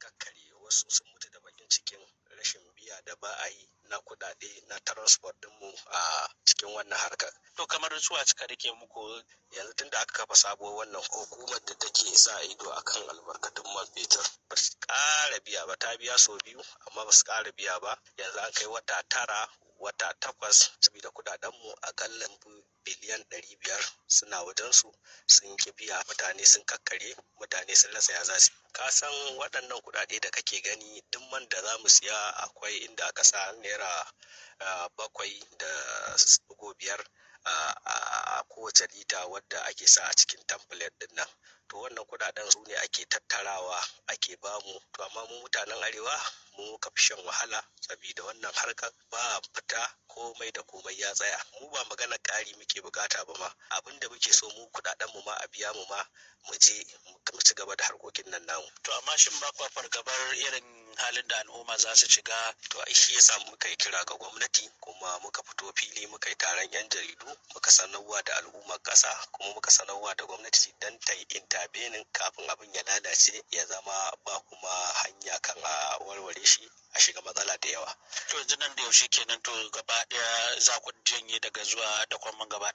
an kakkare wasu sun mutu da bakin cikin rashin biya da ba a yi na kuɗaɗe na transport dinmu a cikin wannan harkar. To kamar su a cika rike muku yanzu tun da aka kafa sabuwar wannan hukumar da take sa ido a kan albarkatun man fetur. Ba su ƙara biya ba ta biya sau biyu amma ba su ƙara biya ba yanzu an kai wata tara wata takwas saboda kudaden mu akalla biliyan ɗari biyar suna wajen su sun ki biya mutane sun kakkare mutane sun rasa ya zasu ka san waɗannan kuɗaɗe da kake gani duk man da za mu siya akwai inda aka sa naira ah, bakwai da biyar ah, a a kowace lita wadda ake sa a cikin tamfilet ɗinnan, nan to wannan kuɗaɗen su ne ake tattarawa ake bamu to amma mu mutanen arewa mu ka fi shan wahala sabida wannan harkar ba fita komai da komai ya tsaya mu ba magana ƙari muke bukata ba ma abin da muke so mu kuɗaɗen mu ma a biya mu ma mu je mu ci gaba da harkokin nan namu to amma shin ba kwa fargabar irin halin da al'umma za su shiga to shi yasa muka yi kira ga gwamnati kuma muka fito fili muka yi taron yan jaridu muka sanarwa da al'ummar ƙasa kuma muka sanarwa da gwamnati don ta yi intabenin kafin abin ya lalace ya zama ba kuma hanya kan a warware shi a shiga matsala da yawa. To yanzu nan da yaushe kenan to gaba ɗaya za ku janye daga zuwa da kwamman gaba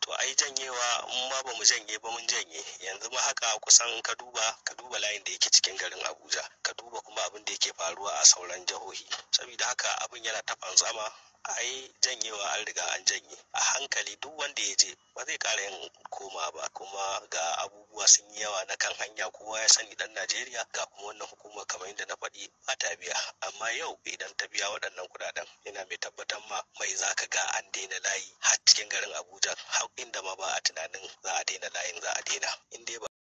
To ai janyewa mun ma ba mu janye ba mun janye yanzu ma haka kusan ka duba ka duba layin da yake cikin garin Abuja ka duba kuma abin da yake faruwa a sauran jihohi. Saboda haka abin yana ta fanzama ai janyewa an riga an janye a hankali duk wanda ya je ba zai ƙara yin koma ba kuma ga abubuwa sun yi yawa na kan hanya kowa ya sani dan najeriya ga kuma wannan hukuma kamar yadda na faɗi ba ta biya amma yau idan ta biya waɗannan kuɗaɗen yana mai tabbatar ma mai za ka ga an daina layi har cikin garin abuja har inda ma ba a tunanin za a daina layin za a daina in dai ba